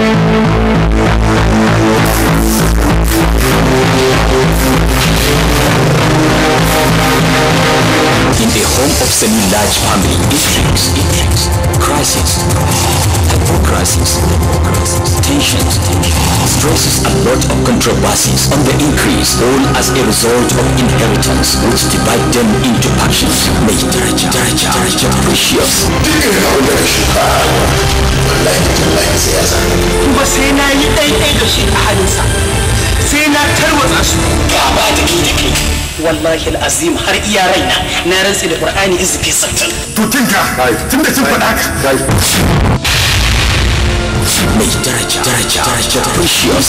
In the home of semi-large family, intrigues, intrigues, crisis crisis, tensions, stresses a lot of controversies on the increase, all as a result of inheritance which divide them into factions, made precious. wallahi har iya raina na da qur'ani sattin to tinka tunda faɗa ka mai daraja daraja daraja precious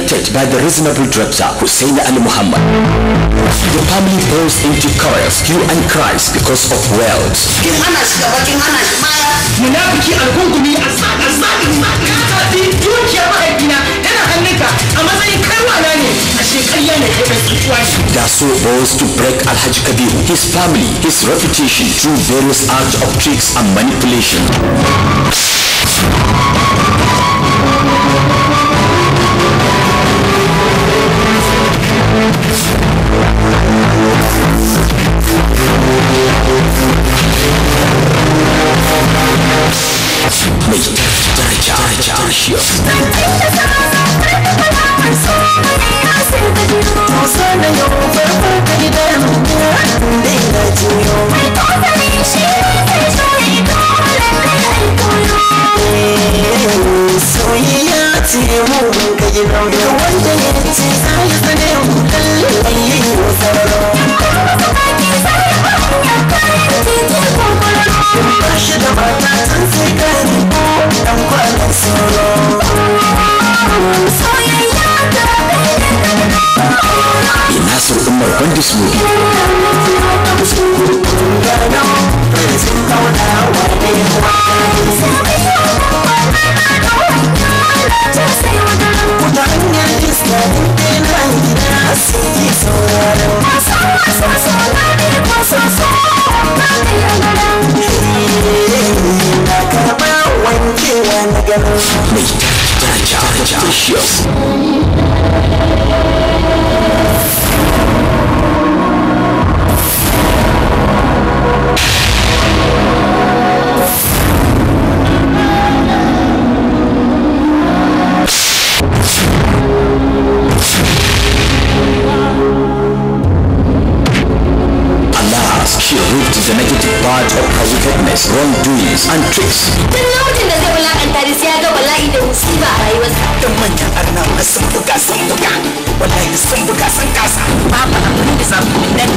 directed by the reasonable director Hussein Ali Muhammad. The family falls into chaos, you and cries because of wealth. munafiki alkunkumi a tsakin mahaifina yana hannunka a matsayin kaiwana ne a shi. Daso was to break Alhaji Kabiru, his family, his reputation through various acts of tricks and manipulation. mai daraja daraja Sonayo farko ka gidan mu Delicious. is a negative part of wickedness, wrongdoings, and tricks. Duk lokacin da zai wulakanta da sai ya ga bala'i da musiba a rayuwarsa. Duk manyan arnawa sun buga sun buga, wallahi nan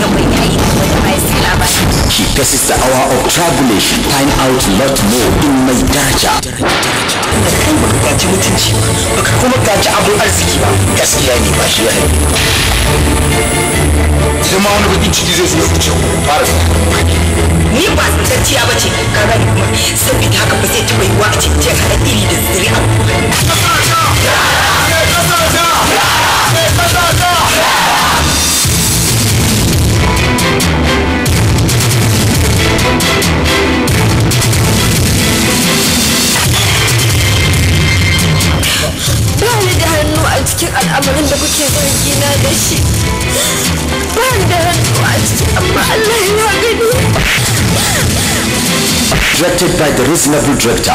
gaba yayi da He passes the hour of tribulation, find out lot more in mai daraja. mutunci baka kuma gaji abin arziki ba gaskiya ne ba shi ya sai ma wani bakin ciki zai so ya fice fara sa ni ba tacciya ba ce kuma saboda haka ba zai taɓa yiwa a cikin jiya iri da a cikin al'amarin da kuke zargi na da shi ba da hannu cikin amma Allah ya gani directed by the reasonable director